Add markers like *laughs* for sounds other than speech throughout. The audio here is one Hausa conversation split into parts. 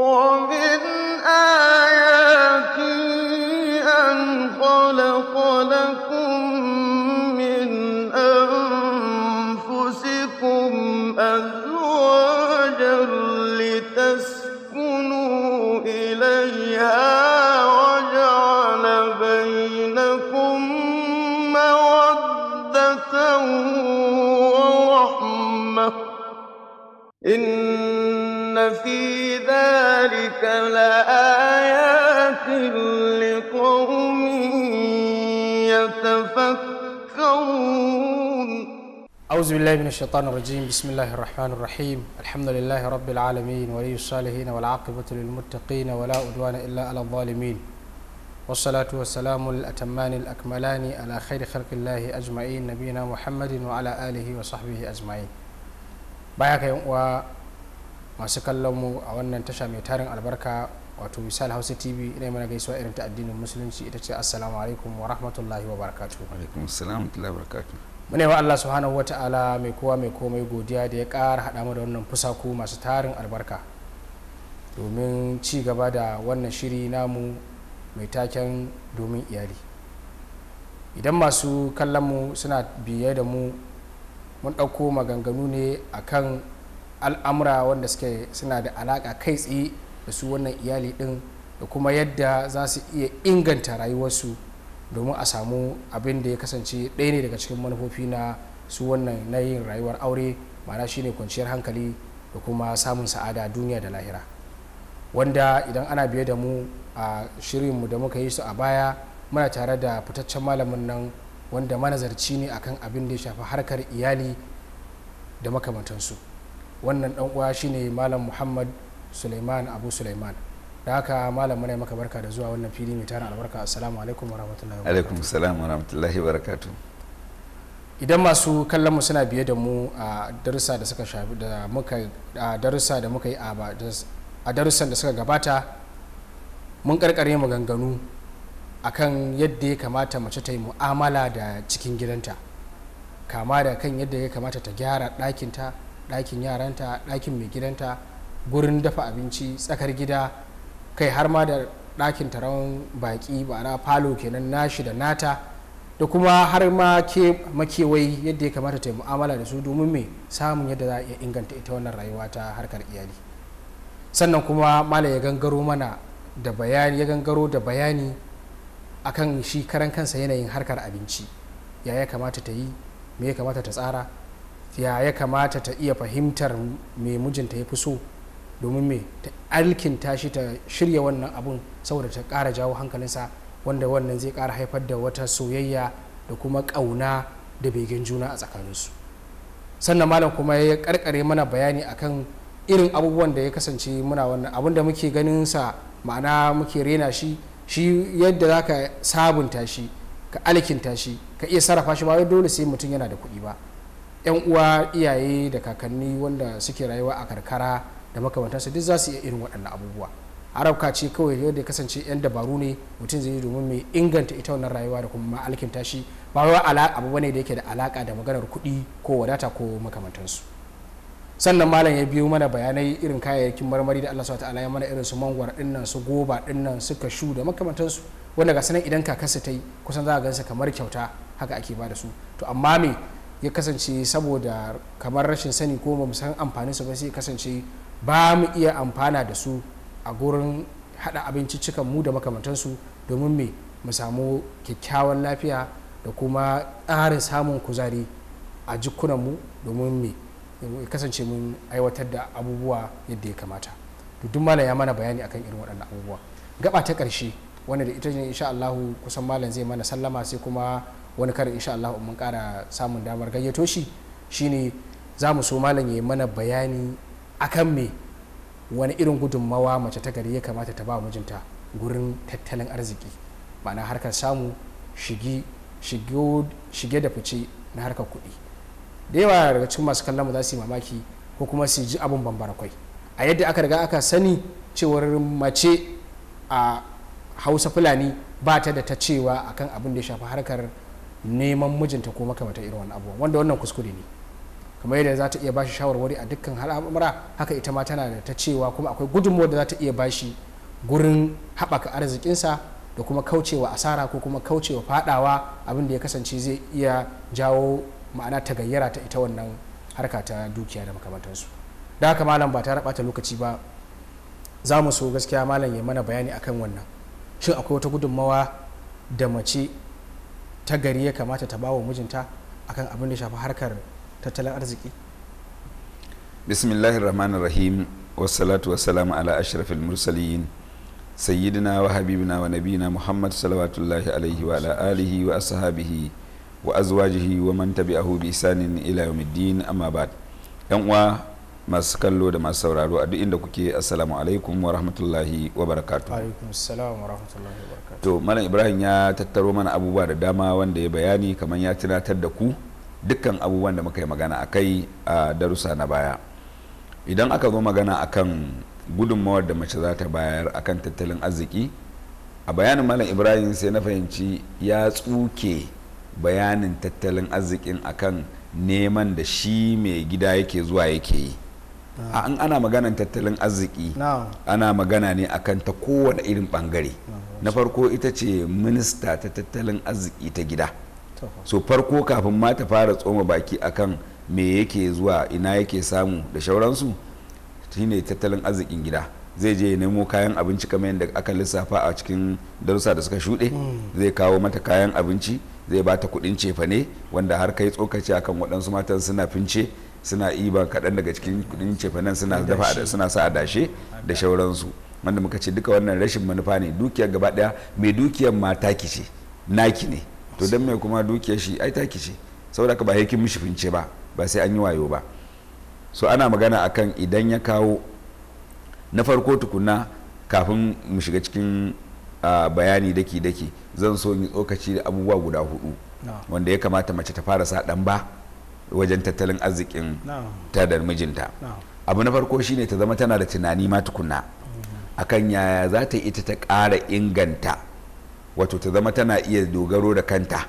ومن أعوذ بالله من الشيطان الرجيم بسم الله الرحمن الرحيم الحمد لله رب العالمين ولي الصالحين والعاقبة للمتقين ولا أدوان إلا على الظالمين والصلاة والسلام الأتمان الأكملان على خير خلق الله أجمعين نبينا محمد وعلى آله وصحبه أجمعين بايك و ما سكلمو أولا تشا ميتارن البركة wato misal hausa tv ina mana gaisuwa irin ta addinin musulunci ita ce assalamu alaikum wa rahmatullahi wa barakatuhu alaikum assalam wa barakatuhu muna wa Allah subhanahu wa ta'ala mai kowa mai komai godiya da ya kara haɗa mu da wannan fusaku masu tarin albarka domin ci gaba da wannan shiri namu mai taken domin iyali idan masu kallon mu suna biye da mu mun ɗauko maganganu ne akan al'amura wanda suke suna da alaƙa kai tsaye da su wannan iyali ɗin da kuma yadda za su iya inganta rayuwarsu domin a samu abin da ya kasance ɗaya ne daga cikin manufofi na su wannan na yin rayuwar aure ma'ana shine kwanciyar hankali da kuma samun sa'ada duniya da lahira wanda idan ana biye da mu a shirin mu da muka yi su a baya muna tare da fitaccen malamin nan wanda manazarci ne akan abin da ya shafi harkar iyali da makamantansu wannan dan uwa shine malam muhammad suleiman abu suleiman da haka malam muna maka barka da zuwa wannan fili mai tarin albarka assalamu alaikum wa rahmatullahi alaikum salam wa rahmatullahi wa idan masu kallon mu suna biye da mu a darussa da suka shafi da muka a darussa da muka yi a darussan da suka gabata mun karkare maganganu akan yadda ya kamata mace ta yi mu'amala da cikin gidanta kama da kan yadda ya kamata ta gyara ɗakinta ɗakin yaranta ɗakin mai gidanta gurin dafa abinci tsakar gida kai har ma da ɗakin taron baƙi ba'ana falo kenan nashi da nata da kuma har ma ke makewai yadda ya kamata ta mu'amala da su domin mai samun yadda za a iya inganta ita wannan rayuwa ta harkar iyali sannan kuma mala ya gangaro mana da bayani ya gangaro da bayani akan shi karan kansa yanayin harkar abinci ya ya kamata ta yi me ya kamata ta tsara ya ya kamata ta iya fahimtar me mijinta ya fi so domin me ta alkinta shi ta shirya wannan abun saboda ta kara jawo hankalinsa wanda wannan zai kara haifar da wata soyayya da kuma kauna da begen juna a tsakaninsu sannan malam kuma ya karkare mana bayani akan irin abubuwan da ya kasance muna wannan abun da muke ganin sa ma'ana muke rena shi shi yadda za ka sabunta shi ka alkinta shi ka iya sarrafa shi ba wai dole sai mutum yana da kuɗi ba yan uwa iyaye da kakanni wanda suke rayuwa a karkara da makamantansa duk za su iya irin waɗannan abubuwa arabka ce kawai yadda ya kasance yan dabaru ne mutum zai yi domin mai inganta ita wannan rayuwa da kuma ma'alkinta shi ba wai abu bane da yake da alaka da maganar kuɗi ko wadata ko makamantansu sannan malam ya biyo mana bayanai irin kayayyakin marmari da Allah subhanahu ta'ala ya mana irin su mangwar dinnan su goba dinnan su kashu da makamantansu wanda ga sanan idan kakarsa ta yi kusan za a gansa kamar kyauta haka ake ba da su to amma me ya kasance saboda kamar rashin sani ko ba san amfanin su ba sai kasance ba mu iya amfana da su a gurin hada abinciccikan mu da makamantansu domin me mu samu kyakkyawan lafiya da kuma tsarin samun kuzari a jikunanmu domin me kasance mun aiwatar da abubuwa yadda ya kamata duk malam ya mana bayani akan irin waɗannan abubuwa gaba ta ƙarshe wanda da ita ne insha Allah kusan malam zai mana sallama sai kuma wani karin insha Allah mun ƙara samun damar gayyato shi shine za mu so malam ya mana bayani akan me wani irin gudunmawa mace ta gari ya kamata ta ba mijinta gurin tattalin arziki ma'ana harkar samu shige da fice na harkar kuɗi da yawa daga cikin masu kallon mu za su yi mamaki ko kuma su ji abin bambara kwai a yadda aka riga aka sani cewar mace a hausa fulani ba ta da ta cewa akan abin da ya shafi harkar neman mijinta ko makamata irin wani abubuwan wanda wannan kuskure ne kamar yadda za ta iya bashi shawarwari a dukkan al'amura haka ita ma tana da ta cewa kuma akwai gudunmuwar da za ta iya bashi gurin haɓaka arzikinsa da kuma kaucewa asara ko kuma kaucewa faɗawa abin da ya kasance zai iya jawo ma'ana ta gayyara ta ita wannan harka ta dukiya da makamantansu da haka malam ba ta rabata lokaci ba za mu so gaskiya malam ya mana bayani akan wannan shin akwai wata gudunmawa da mace ta gari ya kamata ta bawa mijinta akan abin da shafi harkar tattalin arziki bismillahir rahmanir rahim wassalatu wassalamu ala ashrafil mursalin sayyidina wa habibina wa nabina muhammad salawatullahi alaihi wa ala alihi wa ashabihi wa azwajihi wa man tabi'ahu bi isanin ila yawmiddin amma ba'd yan uwa masu kallo da masu sauraro a duk inda kuke assalamu alaikum wa rahmatullahi wa barakatu to malam ibrahim ya tattaro mana abubuwa da dama wanda ya bayani kamar ya tunatar da ku dukkan abubuwan da muka yi magana a kai a darussa na baya idan aka zo magana a kan gudunmawar da mace za ta bayar a kan tattalin arziki a bayanin malam ibrahim sai na fahimci ya tsuke bayanin tattalin arzikin a kan neman da shi mai gida yake zuwa yake yi a an ana maganan tattalin arziki ana magana ne a kan ta kowane irin bangare na farko ita ce minista ta tattalin arziki ta gida so farko kafin ma ta fara tsoma baki akan me yake zuwa ina yake samu da shauransu shine tattalin arzikin gida zai je ya nemo kayan abinci kamar yadda aka lissafa a cikin darussa da suka shuɗe mm. zai kawo mata kayan abinci zai bata kuɗin cefane wanda har kai tsokaci akan waɗansu matan suna fince suna iban kaɗan daga cikin kuɗin cefanen suna dafa suna sa dashe da shauransu wanda muka ce duka wannan rashin manufa ne dukiyar gaba ɗaya mai dukiyar mata ki ce naki ne to dan mai kuma dukiyar shi ai taki ce saboda ka ba haikin mishi fince ba ba sai an yi wayo ba so ana magana akan idan ya kawo na farko tukuna kafin mu shiga cikin bayani daki daki zan so in tsokaci da abubuwa guda hudu wanda ya kamata mace ta fara sa ba wajen tattalin arzikin ta da mijinta abu na farko shine ta zama tana da tunani ma tukunna mhm. akan yaya za ta ita ta ƙara inganta wato ta zama tana iya dogaro da kanta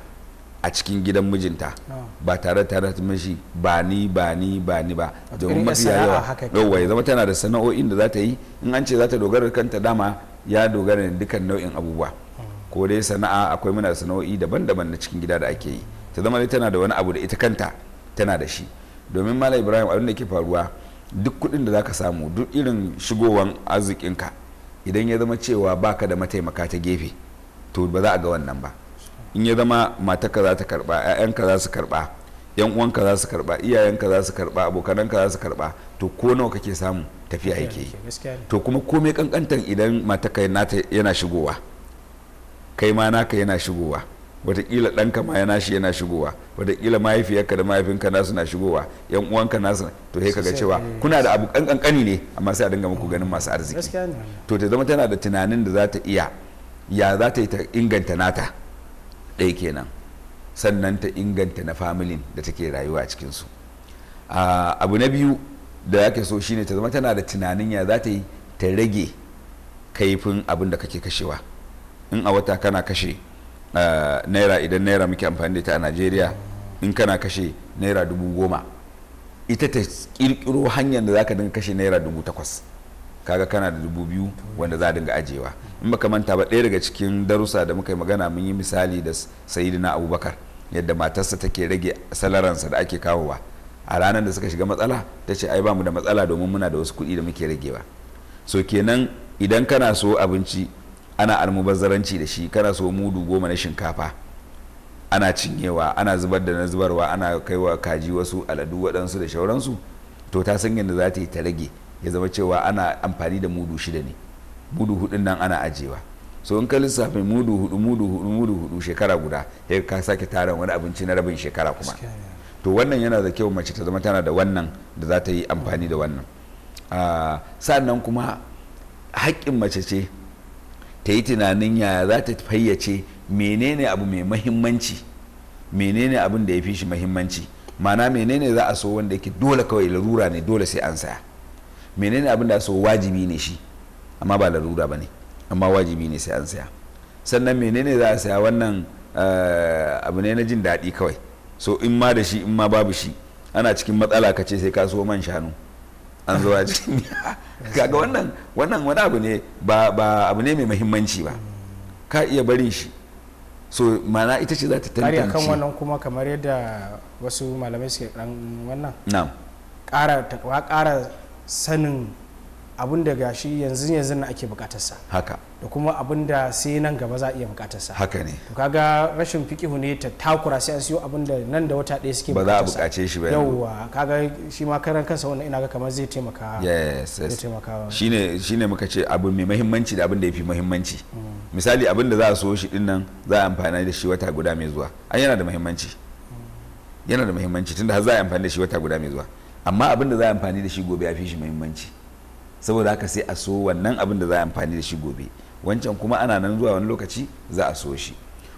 a cikin gidan mijinta ba tare tare ta mashi ba ni ba ni ba ni ba domin mafi yawa yawa ya zama tana da sana'o'in da za ta yi in an ce za ta dogara da kanta dama ya dogara da dukkan nau'in abubuwa hmm. ko dai sana'a akwai muna sana'o'i daban-daban na cikin gida da ake yi ta zama dai tana da wani abu da ita kanta tana da shi domin malam ibrahim abin da ke faruwa duk kuɗin da za ka samu duk irin shigowan arzikinka idan ya zama cewa baka da mataimaka ta gefe to ba za a ga wannan ba in ya zama matarka za ta karba ƴaƴanka za su karba yan uwanka za su karba iyayenka za su karba abokananka za su karba to ko nawa kake samu tafiya yake yi to kuma komai kankantan idan matarka yana shigowa kai ma naka yana shigowa wataƙila ɗanka ma yana shi yana shigowa wataƙila mahaifiyarka da mahaifinka nasu na shigowa yan uwanka nasu to sai kaga cewa kuna da abu ƙanƙanƙani ne amma sai a dinga muku ganin masu arziki to ta zama tana da tunanin da za ta iya ya za ta yi ta inganta nata ɗaya kenan sannan ta inganta na familin da take rayuwa a cikinsu abu na biyu da yake so shine ta zama tana da tunanin ya za ta yi ta rage kaifin abin da kake kashewa in a wata kana kashe naira idan naira muke amfani da ta a najeriya in kana kashe naira dubu goma ita ta kirkiro hanyar da za ka dinga kashe naira dubu takwas kaga kana da dubu biyu wanda za a dinga ajiyewa in baka manta ba ɗaya daga cikin darussa da muka yi magana mun yi misali da sayidina abubakar yadda matarsa take rage salaransa da ake kawowa a ranar da suka shiga matsala ta ce ai ba mu da matsala domin muna da wasu kuɗi da muke ragewa so kenan idan kana so abinci ana almubazzaranci da shi kana so mudu goma na shinkafa ana cinyewa ana zubar da na zubarwa ana kaiwa kaji wasu aladu waɗansu da shauransu to ta san yadda za ta yi ta rage ya zama cewa ana amfani da mudu shida ne mudu hudun nan ana ajiyewa so in ka lissafi mudu hudu mudu hudu mudu hudu shekara guda ya ka sake tara wani abinci na rabin shekara kuma to wannan yana da kyau mace ta zama tana da wannan da za ta yi amfani da wannan ah, sannan kuma haƙƙin mace ce ta yi tunanin yaya za ta fayyace menene abu mai mahimmanci menene abin da ya fi shi mahimmanci mana menene za a so wanda yake dole kawai larura ne dole sai an saya menene abin da so wajibi ne shi amma ba larura ba ne amma wajibi ne sai an saya sannan menene za a saya wannan eh, abu ne na jin daɗi kawai so in ma da shi in ma babu shi ana cikin matsala ka ce sai ka so man shanu an zo a cikin *laughs* kaga wannan wannan wani abu ne ba abu ne mai muhimmanci ba ka iya barin shi so mana ita ce za ta tantance kan wannan kuma kamar yadda wasu malamai suke dan wannan na'am ƙara sanin abin da gashi yanzu yanzu na ake bukatarsa haka da kuma abin da sai nan gaba za a iya bukatarsa haka ne to kaga rashin fikihu ne ta takura sai an siyo abin da nan da wata ɗaya suke ba za a bukace shi ba yawwa kaga shi ma karan kansa wannan ina ga kamar zai taimaka yes yes shine shine muka ce abu mai muhimmanci da abin da yafi muhimmanci mm. misali abin da za a so shi din nan za a amfana da shi wata guda mai zuwa an yana da muhimmanci mm. yana da muhimmanci tunda har za a amfani da shi wata guda mai zuwa amma abin da za a amfani da shi gobe ya fi shi muhimmanci saboda haka sai a so wannan abin da za a amfani da shi gobe wancan kuma ana nan zuwa wani lokaci za a so shi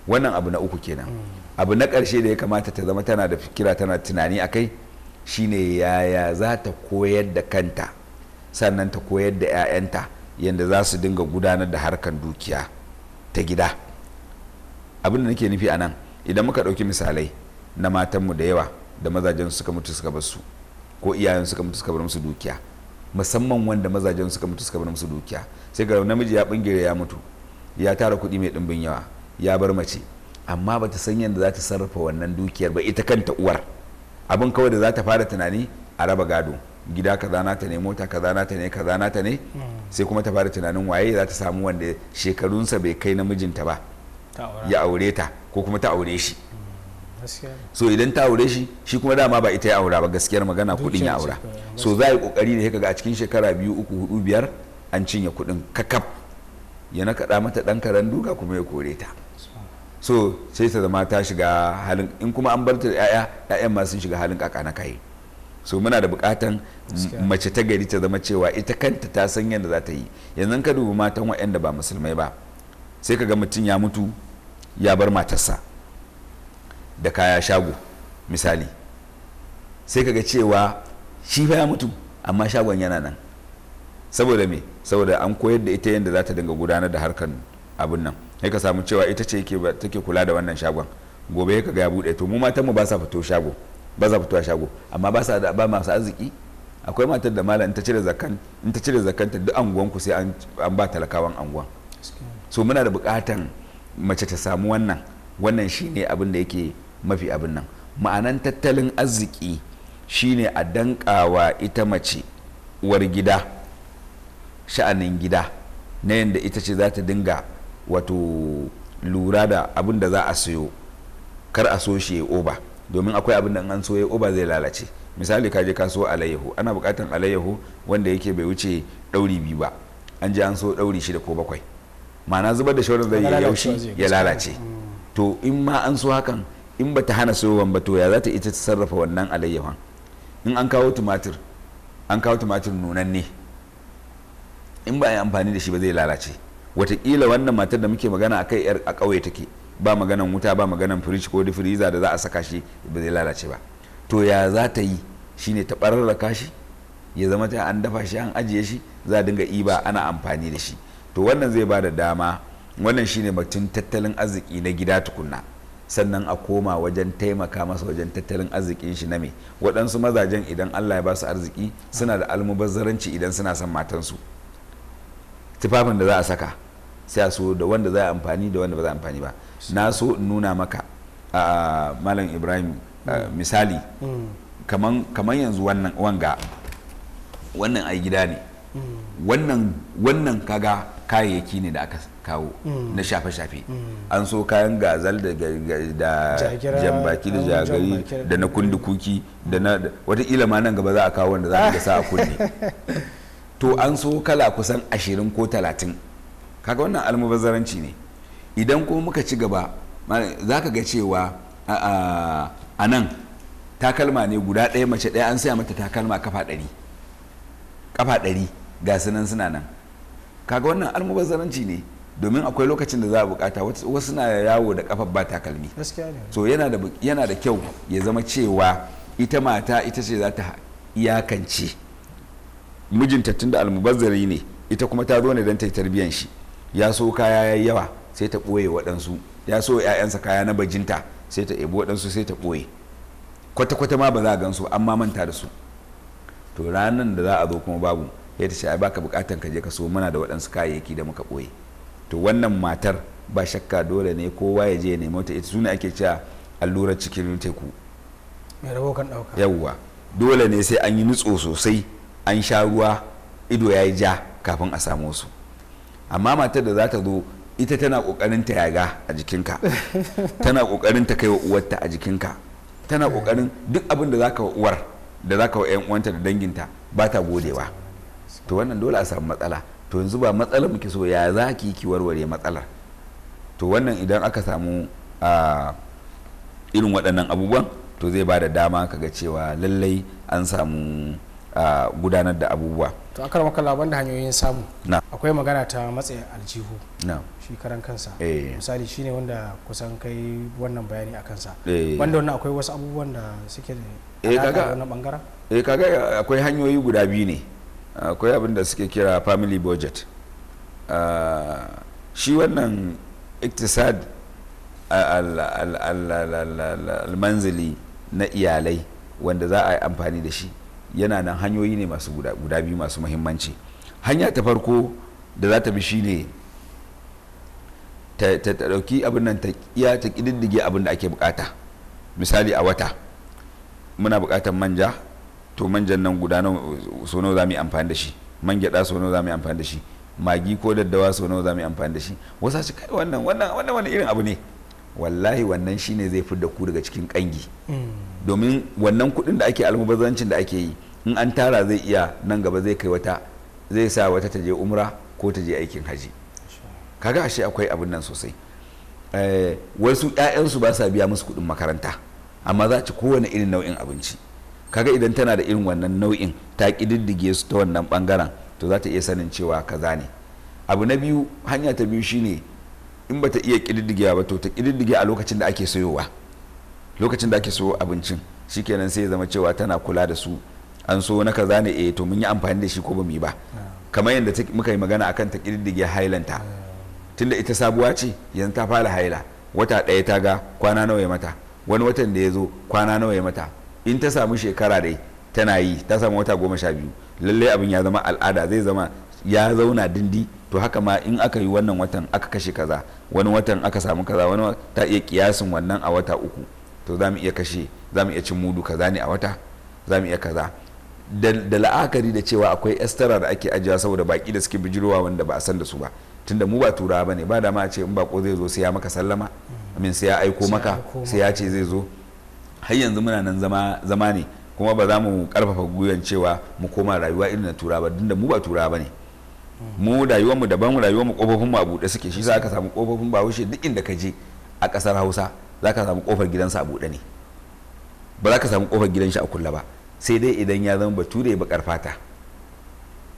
wannan abu na uku kenan mm. abu na ƙarshe da ya kamata ta zama tana da fikira tana tunani a kai shine yaya za ta koyar da kanta sannan ta koyar da 'ya'yanta yadda za su dinga gudanar da harkar dukiya ta gida abin da nake nufi a nan idan muka ɗauki misalai na matanmu da yawa da mazajen suka mutu suka basu ko iyayen suka mutu suka bar musu dukiya musamman wanda mazajen suka mutu suka bar musu dukiya sai ga namiji ya bingire ya mutu ya tara kuɗi mai ɗimbin yawa ya bar mace amma bata san yadda za ta sarrafa wannan dukiyar ba ita kanta uwar abin kawai da za ta fara tunani a raba gado gida kaza nata ne mota kaza nata ne kaza nata ne hmm. sai kuma ta fara tunanin waye za ta samu wanda shekarunsa bai kai namijinta ba ya aure ta ko kuma ta aure shi so idan ta aure shi shi kuma dama ba ita ya aura ba gaskiyar magana kudin ya aura so za a yi kokari ne kaga a cikin shekara biyu uku hudu biyar an cinye kudin kakaf ya kada mata dan karen duka kuma ya kore ta so sai ta zama ta shiga halin in kuma an bar ta da 'ya'ya 'ya'yan ma sun shiga halin kaka na kai so muna da bukatan mace ta gari ta zama cewa ita kanta ta san yadda za ta yi yanzu ka dubi matan waɗanda ba musulmai ba sai ka ga mutum ya mutu ya bar matarsa da kaya shago misali sai kaga cewa shi fa ya mutu amma shagon yana nan saboda me saboda an koyar da ita yadda za ta dinga gudanar da harkan abin nan sai ka samu cewa ita ce take kula da wannan shagon gobe ka ga ya bude to mu matan mu ba sa fito shago ba za fito shago amma ba sa ba masu arziki akwai matar da malam in ta cire zakan in ta cire zakanta duk anguwan ku sai an ba talakawan anguwan so muna da bukatan mace ta samu wannan wannan shine abin da yake mafi abin nan ma'anan tattalin arziki shine a dankawa ita mace uwar gida sha'anin gida na yadda ita ce za ta dinga wato lura da abin da za a sayo kar a so shi ya oba domin akwai abin da an so ya oba zai lalace misali ka je alayyahu ana bukatan alayyahu wanda yake bai wuce dauri biyu ba an je an so dauri shida ko bakwai ma'ana zubar da shawarar zai yi yaushi ya lalace mm. to in ma an so hakan in ba ta hana sowan ba to ya za ta ita ta sarrafa wannan alayyahon in an kawo tumatir an kawo tumatir nunanne in ba a yi amfani da shi ba zai lalace watakila wannan matar da muke magana a kai yar a ƙauye take ba maganan wuta ba maganan firish ko difiriza da za a saka shi ba zai lalace ba to ya za ta yi shine ta ɓararraka shi ya zama ta an dafa shi an ajiye shi za a dinga iba ana amfani da shi to wannan zai ba da dama wannan shine batun tattalin arziki na gida tukunna sannan a koma wajen taimaka masa wajen tattalin arzikin shi na me waɗansu mazajen idan allah ya ba su arziki suna da almubazzaranci idan suna son matansu tufafin da za a saka sai a so da wanda za a amfani da wanda ba za a amfani ba na so in nuna maka a malam ibrahim misali Kamar yanzu wanga wannan ai gida ne mm. wannan kaga kayayyaki ne da aka kawo mm. na shafe-shafe mm. an so kayan gazal da jambaki da eh, jagari da na kuki da na wata ma nan gaba za a kawo wanda za a sa a kunne *laughs* to an so kala kusan ashirin ko talatin kaga wannan almubazzaranci ne idan kuma muka ci gaba za ka ga cewa a nan takalma ne guda ɗaya mace ɗaya an saya mata takalma kafa ɗari kafa ɗari ga sunan suna nan kaga wannan almubazzaranci ne domin akwai lokacin da za a bukata wasu na yawo da kafar ba takalmi so yana da kyau ya zama cewa ita mata ita ce za ta iyakance mijinta tunda da almubazzari ne ita kuma ta zo ne don ta yi tarbiyan shi ya so kaya ya yawa sai ta ɓoye waɗansu ya so ‘ya'yansa kaya na bajinta sai ta ebo waɗansu sai ta ɓoye kwata-kwata ma ba za a gansu amma manta da su to ranar da za a zo kuma babu ya ta ce ai baka bukatan ka je ka so muna da waɗansu kayayyaki da muka ɓoye to wannan matar ba shakka dole ne kowa ya je ya nemi ta ita suna ake cewa allurar cikin teku mai rabo dauka yawwa dole ne sai an yi nutso sosai an sha ruwa ido ya yi ja kafin a samu su amma matar da za ta zo ita tana kokarin ta yaga a jikinka *laughs* tana kokarin ta kai wa uwarta a jikinka tana kokarin eh. duk abin da zaka wa uwar da zaka wa yan uwanta da danginta ba ta godewa to wannan dole a samu matsala to yanzu ba matsalar muke so ya za ki yi warware matsalar to wannan idan aka samu a irin waɗannan abubuwan to zai ba da dama kaga cewa lallai an samu a gudanar da abubuwa to a karama kalaban da hanyoyin samu akwai magana ta matsayin aljihu shi karan kansa eh. misali shine wanda kusan kai wannan bayani a kansa wanda eh. wannan akwai wasu abubuwan da suke da eh, wannan bangaren eh kaga akwai hanyoyi guda biyu ne akwai abin da suke kira family budget ah, shi wannan iktisad almanzili na iyalai wanda za a yi amfani da shi yana nan hanyoyi ne masu guda biyu masu muhimmanci hanya ta farko da za ta bi shi ne ta ɗauki abin nan ta iya ta ƙididdige abin da ake bukata misali a wata muna bukatar manja to manjan nan guda so nawa za mu amfani da shi man gyada so nawa za mu amfani da shi magi ko daddawa so nawa za mu amfani da shi wasu su kai wannan wannan wannan wani irin abu ne wallahi wannan shine zai fidda ku daga cikin kangi mm. domin wannan kuɗin da ake almubazancin da ake yi in an tara zai iya nan gaba zai kai wata zai sa wata ta je umra ko ta je aikin haji kaga ashe akwai abin nan sosai eh, wasu 'ya'yansu ba sa biya musu kuɗin makaranta amma za ci kowane irin nau'in abinci kaga idan tana da irin wannan nau'in ta ƙididdige su ta wannan ɓangaren to za ta iya sanin cewa kaza ne abu na biyu hanya ta biyu shine in bata iya ƙididdige ba to ta ƙididdige a lokacin da ake sayowa lokacin da ake sayo abincin shi kenan sai ya zama cewa tana kula da su an so na kaza ne eh to mun yi amfani da shi ko ba mu yi ba kamar yadda muka yi magana akan ta ƙididdige hailanta tunda ita sabuwa ce yanzu ta fara haila wata ɗaya ta ga kwana nawa ya mata wani watan da ya zo kwana nawa ya mata in ta samu shekara dai tana yi ta samu wata goma sha biyu lallai abin ya zama al'ada zai zama ya zauna dindi to haka ma in aka yi wannan watan aka kashe kaza wani watan aka samu kaza wani ta iya kiyasin wannan a wata uku to za mu iya kashe za mu iya cin mudu kaza ne a wata za mu iya kaza da la'akari da cewa akwai estara da ake ajiya saboda baki da suke bijirowa wanda ba a san da su ba tunda mu ba turawa bane ba da ma ce in bako zai zo sai ya maka sallama min sai ya aiko maka sai ya ce zai zo har yanzu muna nan zama ne kuma ba za mu karfafa gwiwan cewa mu koma rayuwa irin na turawa duk da mu ba turawa bane mu rayuwar mu daban rayuwar mu kofofin mu a bude suke shi za ka samu kofofin bahaushe duk inda ka je a kasar Hausa za ka samu kofar gidansa a bude ne ba za ka samu kofar gidan shi a kulla ba sai dai idan ya zama bature ba karfata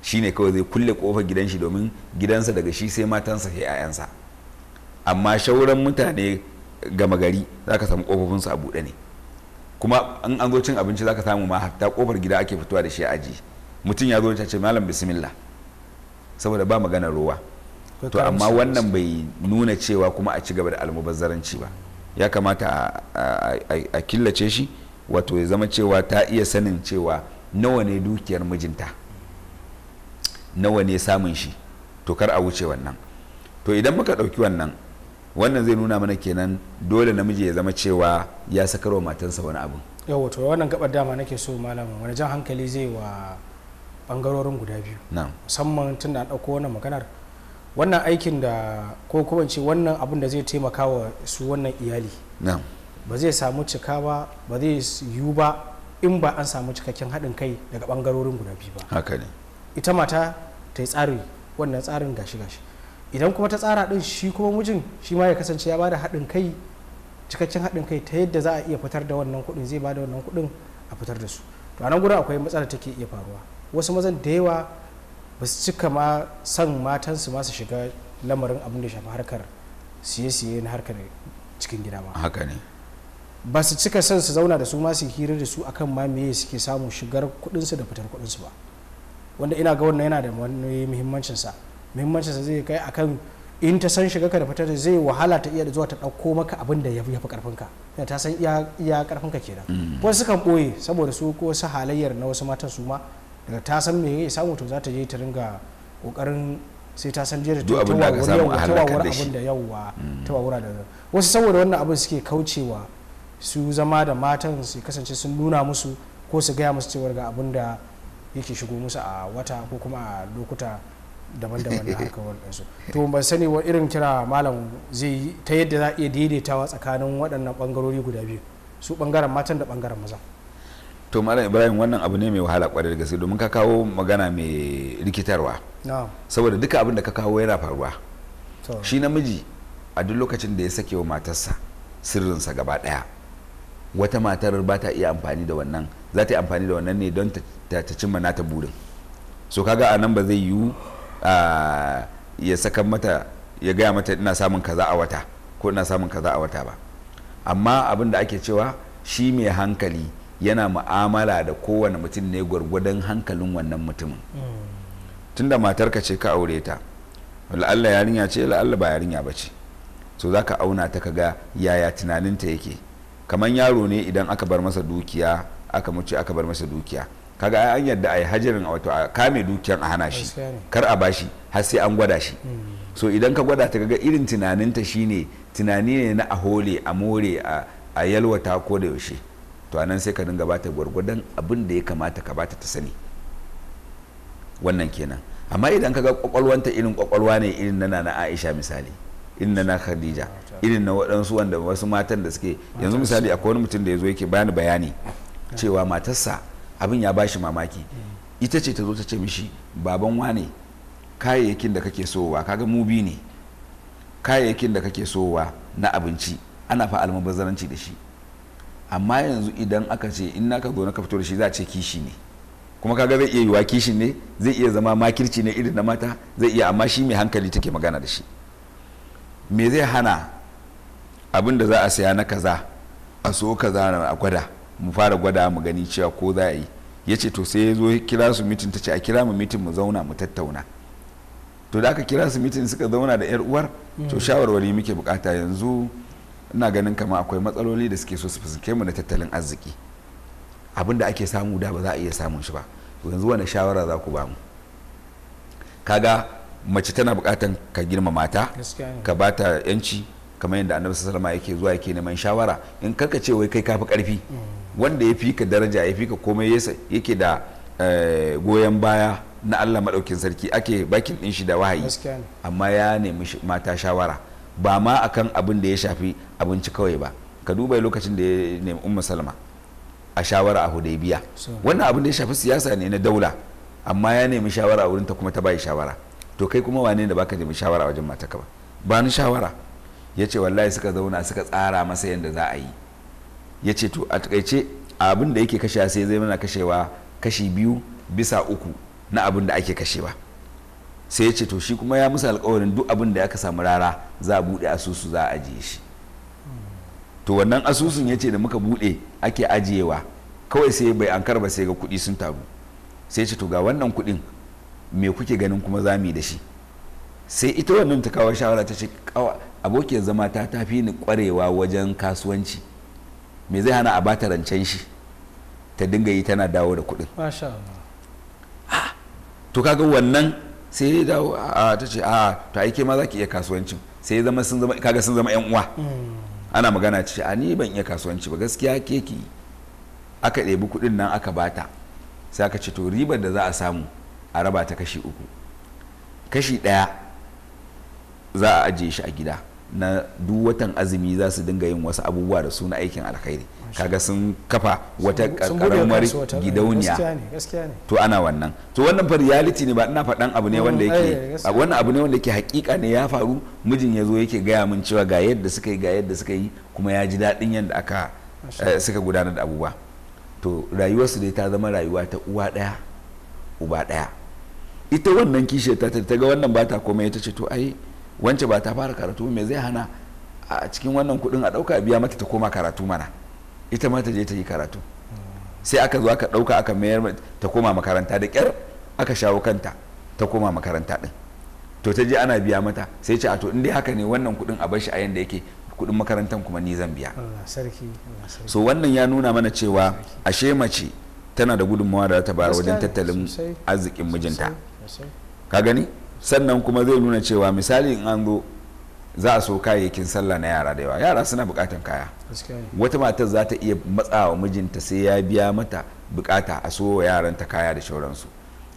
shine kawai zai kulle kofar gidan shi domin gidansa daga shi sai matansa sai 'ya'yansa amma shauran mutane gama gari za ka samu kofofinsu a bude ne kuma in an zo cin abinci zaka samu ma hatta kofar gida ake fitowa da shi aji mutum ya zo ya ce malam bismillah saboda ba magana ruwa to amma wannan bai nuna cewa kuma a ci gaba da almubazzaranci ba ya kamata a killace shi wato ya zama cewa ta iya sanin cewa nawa ne dukiyar mijinta nawa ne samun shi to kar a wuce wannan to idan muka ɗauki wannan wannan zai nuna mana kenan dole namiji ya zama cewa ya sakarwa matansa wani abu. yawa to wannan gabar dama nake so malam wani jan hankali zai wa bangarorin guda biyu musamman tun da ɗauko wannan maganar wannan aikin da ko kuma ce wannan abin da zai taimaka wa su wannan iyali ba zai samu cika ba ba zai yiwu ba in ba an samu cikakken haɗin kai daga bangarorin guda biyu ba haka ne ita mata ta yi tsari wannan tsarin gashi gashi idan kuma ta tsara din shi kuma mijin shi ma ya kasance ya bada haɗin kai cikakken haɗin kai ta yadda za a iya fitar da wannan kuɗin zai bada wannan kuɗin a fitar da su to a nan gurin akwai matsala take iya faruwa wasu mazan da yawa ba su cika ma son matansu ma su shiga lamarin abin da shafi harkar siye-siye na harkar cikin gida ba haka ne ba su cika son su zauna da su ma su hira da su akan ma meye suke samu shigar kuɗinsu da fitar kuɗinsu ba wanda ina ga wannan yana da wani muhimmancinsa muhimmancinsa zai kai akan in ta san shiga ka da fitar zai wahala ta iya da zuwa ta dauko maka abin da ya fi ka da ta san iya ka kenan mm. su kan ɓoye saboda su ko su halayyar na wasu matan su ma daga ta san me yake samu to za ta je ta ringa kokarin sai ta san jera ta wuri abin da yawa ta wura da wasu saboda wannan abin suke kaucewa su zama da matan su kasance sun nuna musu ko su gaya musu cewar ga abin da yake shigo musu a wata ko kuma a lokuta daban-daban na harkar ɗinsu to ban sani wa irin kira malam zai yi ta yadda za a iya daidaitawa tsakanin waɗannan ɓangarori guda biyu su ɓangaren matan da ɓangaren maza. to malam ibrahim wannan abu ne mai wahala kwarai da gaske domin ka kawo magana mai rikitarwa saboda duka abin da ka kawo yana faruwa shi namiji a duk lokacin da ya sake wa matarsa sirrinsa gaba ɗaya wata matar ba ta iya amfani da wannan za ta yi amfani da wannan ne don ta cimma nata burin so kaga a nan ba zai yiwu ya saka mata ya gaya mata ina samun kaza a wata ko ina samun kaza a wata ba amma abin da ake cewa shi mai hankali yana mu'amala da kowane mutum ne gwargwadon hankalin wannan mutumin tunda matarka ce ka aure ta la'alla yarinya ce la'alla ba yarinya ba ce so za ka auna ta ka ga yaya tunaninta yake kamar yaro ne idan aka bar masa dukiya aka muce aka bar masa dukiya kaga an yadda a yi a wato a kame dukiyan a hana shi kar a bashi har sai an gwada shi mm. so idan ka gwada ta kaga irin tunaninta shine tunani ne na a hole a more a yalwata ko da yaushe to anan sai ka dinga bata gwargwadon abin da ya kamata ka bata ta sani wannan kenan amma idan kaga kwakwalwanta irin kwakwalwa ne irin na na Aisha misali irin na na Khadija irin na waɗansu wanda wasu matan da suke yanzu misali akwai wani mutum da ya zo yake bani bayani *laughs* cewa matarsa abin ya bashi mamaki ita ce ta zo ta ce mishi baban ne kayayyakin da kake sowa kaga mubi ne kayayyakin da kake sowa na abinci ana fa bazaranci da shi amma yanzu idan aka ce in naka zo na ka fito da shi za a ce kishi ne kuma kaga zai iya yiwa kishi ne zai iya zama makirci ne irin na mata zai iya amma shi mai hankali take magana da shi me zai hana abin da za a saya na kaza a so kaza a gwada mu fara gwada mu gani cewa ko za a yi ya ce to sai ya zo kira su mitin ta ce a kira mu mitin mu zauna mu tattauna to da aka kira su mitin suka zauna da yar uwar to mm. shawarwari muke bukata yanzu ina ganin kama akwai matsaloli da suke so su fuske mu na tattalin arziki abin da ake samu da ba za a iya samun shi ba to yanzu wani shawara za ku ba mu kaga mace tana bukatan ka girma mata ka ba ta yanci kamar yadda annabi sallama yake zuwa yake neman shawara in karka ce wai kai kafi karfi mm. wanda ya fi ka daraja ya fi ka komai yake da eh, goyon baya na Allah maɗaukin sarki ake bakin ɗin shi da wahayi amma ya nemi mata shawara ba ma akan abin da ya shafi abinci kawai ba ka duba lokacin da ya nemi umma salma a shawara a hudaybiya wannan abin da ya shafi siyasa ne na daula amma ya nemi shawara a wurinta kuma ta bayi shawara to kai kuma wane da baka nemi shawara wajen mata ka ba ba ni shawara ya ce wallahi suka zauna suka tsara masa yadda za a yi ya ce to a takaice abin da yake kashewa sai zai mana kashewa kashi biyu bisa uku na abin da ake kashewa sai ya ce to shi kuma ya musu alkawarin duk abin da aka samu rara za a buɗe asusu za a ajiye shi to wannan asusun ya ce da muka buɗe ake ajiyewa kawai sai bai an karba sai ga kuɗi sun taru sai ce to ga wannan kuɗin me kuke ganin kuma za mu yi da shi sai ita wannan ta kawo shawara ta ce abokiyar zama ta tafi ni kwarewa wajen kasuwanci me zai hana a bata rancen shi ta dinga yi tana dawo da kuɗin ah, to kaga wannan sai ya dawo a ta ce a to aike ma za iya kasuwancin sai zama sun zama kaga sun zama yan uwa hmm. ana magana ce a ni ban iya kasuwanci ba gaskiya keki aka ɗebi kuɗin nan aka bata sai aka ce to ribar da za a samu a raba ta kashi uku kashi ɗaya za a ajiye shi a gida na duk watan azumi za su dinga yin wasu abubuwa da suna aikin alkhairi kaga sun kafa wata karamar gidauniya to ana wannan to wannan fa reality ne ba ina faɗan abu ne wanda mm, yake eh, wannan abu ne wanda yake hakika ne ya faru mijin ya zo yake gaya min cewa ga yadda suka yi ga yadda suka yi kuma ya ji daɗin yadda aka eh, suka gudanar da abubuwa to rayuwarsu dai ta zama rayuwa ta uwa ɗaya uba ɗaya ita wannan kishiyar ta ta ga wannan ba ta komai ta ce to ai wance ba ta fara karatu me zai hana a cikin wannan kuɗin a ɗauka biya mata ta koma karatu mana ita ma ta je ta yi karatu sai aka zo aka ɗauka aka mayar ta koma makaranta da ƙyar aka shawo kanta ta koma makaranta din to ta je ana biya mata sai ce a to dai haka ne wannan kuɗin a bashi a yanda yake kuɗin makarantar kuma ni zan biya so wannan ya nuna mana cewa ashe mace tana da gudunmawa da ta bayar wajen tattalin arzikin mijinta ka gani sannan kuma zai nuna cewa misali in an zo za a so kayayyakin sallah na yara da yawa yara suna bukatan kaya wata matar za ta iya matsawa mijinta sai ya biya mata bukata a so ta kaya da shauransu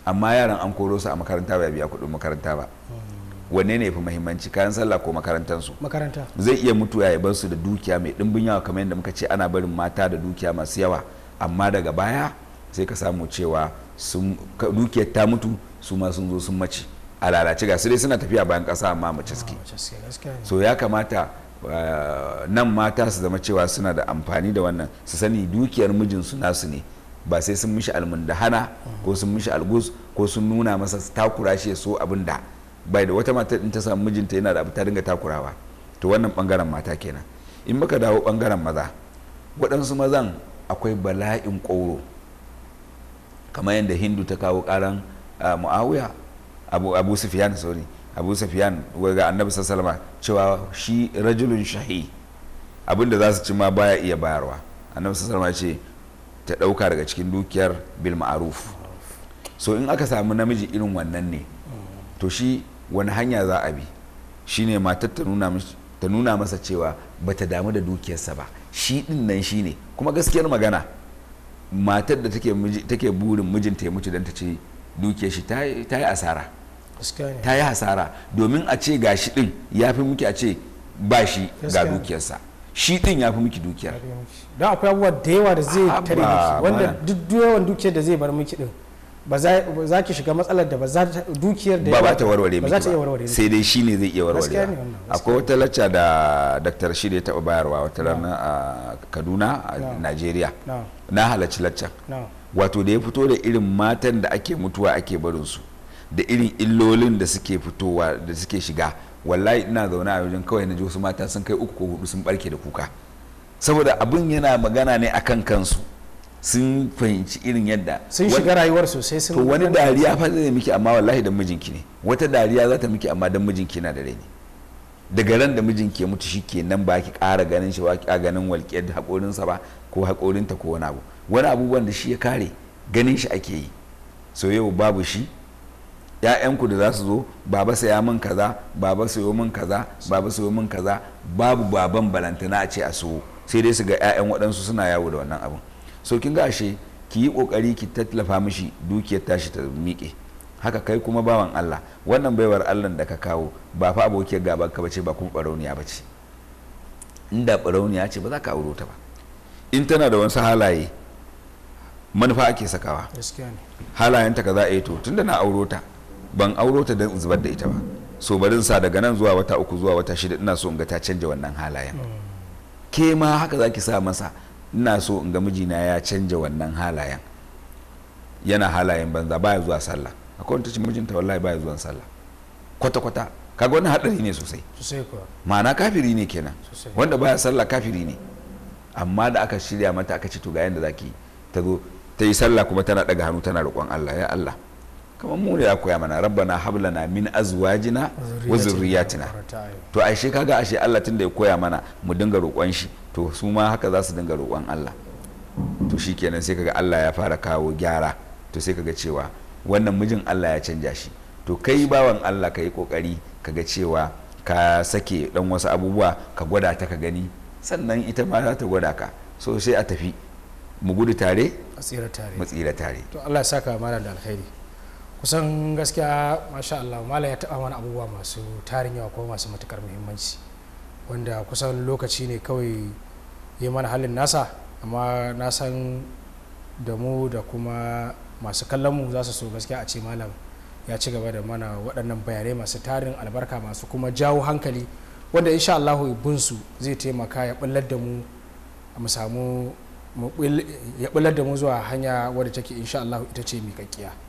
amma yaran an koro su a makaranta ba biya kudin makaranta ba hmm. wanne ne fi mahimmanci kayan sallah ko makarantansu makaranta zai iya mutu ya bar su da dukiya mai dimbin yawa kamar yadda muka ce ana barin mata da dukiya masu yawa amma daga baya sai ka samu cewa dukiyar ta mutu su ma sun zo sun mace a lalace ga dai suna tafiya bayan kasa amma mace suke so ya kamata uh, nan mata su zama cewa suna da amfani da wannan su sani dukiyar mijinsu nasu ne ba sai sun mishi almundahana ko sun mishi algus ko sun nuna masa takura shi so abin da bai da wata mata in ta samu mijinta yana da abu ta dinga takurawa to wannan bangaren mata kenan in muka dawo bangaren maza waɗansu mazan akwai bala'in ƙoro kamar yadda hindu ta kawo ƙaran uh, mu'awiya abu abu sufyan abu sufiyan ga annabi sallallahu cewa shi rajulun shahi abinda za su ci ma baya iya bayarwa annabi sallallahu ce ta dauka daga cikin dukiyar bil ma'ruf so in aka samu namiji irin wannan ne to shi wani hanya za a bi shine matar ta nuna ta nuna masa cewa bata damu da dukiyarsa ba shi din nan shine kuma gaskiyar magana matar da take burin mijinta ya mutu don ta ce dukiyar shi ta yi asara ta yi hasara domin a ce ga shi din ya fi muke a ce ba shi ga dukiyarsa shi din ya fi miki dukiyar don akwai abubuwa da yawa da zai tare da wanda duk yawan dukiyar da zai bar miki din ba za ki shiga matsalar da ba za ta dukiyar da ba ta warware miki ba sai dai shi ne zai iya warware akwai wata lacca da dr shi ya taba bayarwa wata a kaduna a najeriya na halarci laccan wato da ya fito da irin matan da ake mutuwa ake barinsu da irin illolin da suke fitowa da suke shiga wallahi ina zaune a wajen kawai na ji wasu mata sun kai uku ko hudu sun barke da kuka saboda abin yana magana ne a kan kansu sun fahimci irin yadda sun shiga rayuwar sosai sun wani dariya fa zai miki amma wallahi dan mijinki ne wata dariya za ta miki amma dan mijinki na da rai ne daga ran da mijinki ya mutu shike nan ba ki ƙara ganin shi ba ki ganin walƙiyar da haƙorinsa ba ko haƙorinta ko wani abu wani abubuwan da shi ya kare ganin shi ake yi so yau babu shi ya'yanku da za su zo baba saya min kaza baba sayo min kaza baba sayo min kaza babu baban balantana a ce a so sai dai su ga 'ya'yan waɗansu suna yawo da wannan abin so kin ga ashe ki yi ƙoƙari ki tattalafa mishi dukiyar tashi ta miƙe haka kai kuma bawan Allah wannan baiwar Allah da ka kawo ba fa abokiyar gaba ka bace ba kuma barauniya bace inda barauniya ce ba za ka auro ta ba in tana da wasu halaye manufa ake sakawa halayenta ka za a yi to tunda na aure ta ban auro ta don zubar da ita ba so barin sa daga nan zuwa wata uku zuwa wata shida ina so in ga ta canja wannan halayen mm. ke ma haka zaki sa masa ina so in ga mijina ya canja wannan halayen yana halayen banza baya zuwa sallah akwai wani tashi mijinta wallahi baya zuwa sallah kwata kwata kaga wani hadari ne sosai ma'ana kafiri ne kenan wanda baya sallah kafiri ne amma da aka shirya mata aka ce to ga yanda zaki ta zo ta yi sallah kuma tana daga hannu tana roƙon Allah ya Allah kamar mu ya koya mana rabbana hablana min azwajina wa zurriyatina to ashe kaga ashe Allah tunda ya koya mana mu dinga roƙon shi to su ma haka za su dinga roƙon Allah to shikenan sai kaga Allah ya fara kawo gyara to sai kaga cewa wannan mijin Allah ya canja shi to kai bawan Allah ka yi kokari kaga cewa ka sake dan wasu abubuwa ka gwada ta ka gani sannan ita ma za ta gwada ka so sai a tafi mu gudu tare mu tsira tare to Allah ya saka mana da alkhairi kusan gaskiya masha Allah mala ya taɓa wani abubuwa masu tarin yawa ko masu matukar muhimmanci wanda kusan lokaci ne kawai yi mana halin nasa amma na san da mu da kuma masu kallon mu za su so gaskiya a ce malam ya ci gaba da mana waɗannan bayanai masu tarin albarka masu kuma jawo hankali wanda insha Allah su zai taimaka ya bullar da mu mu samu ya bullar da mu zuwa hanya wadda take insha Allah ita ce kakkiya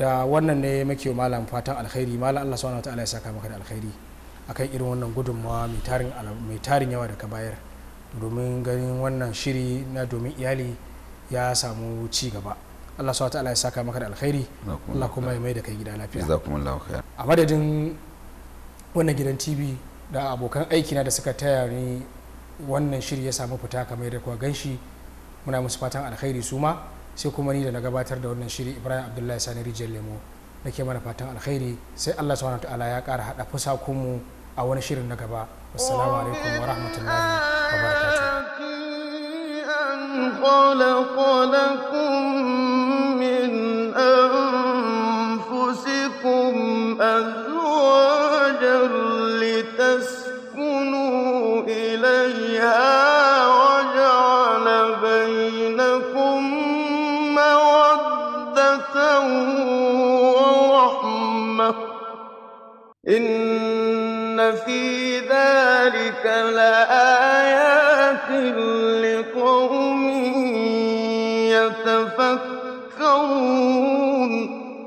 da wannan ne muke malam fatan alkhairi malam Allah subhanahu wataala ya saka maka da alkhairi akan irin wannan gudunmawa mai tarin yawa da ka bayar domin ganin wannan shiri na domin iyali ya samu ci gaba Allah subhanahu wataala ya saka maka da alkhairi Allah kuma ya mai da kai gida lafiya a madadin wannan gidan TV da abokan aiki na da suka taya ni wannan shiri ya samu fita kamar yadda kuwa ganshi muna musu fatan alkhairi su ma sai kuma ni da na gabatar da wannan shiri ibrahim Abdullah sani Rijal lemo nake mana fatan alkhairi sai allah subhanahu ta'ala ya kara hada fusakunmu a wani shirin na gaba assalamu alaikum wa rahmatullahi wa barakatuh أزواجا لتسكنوا إليها إن في ذلك لآيات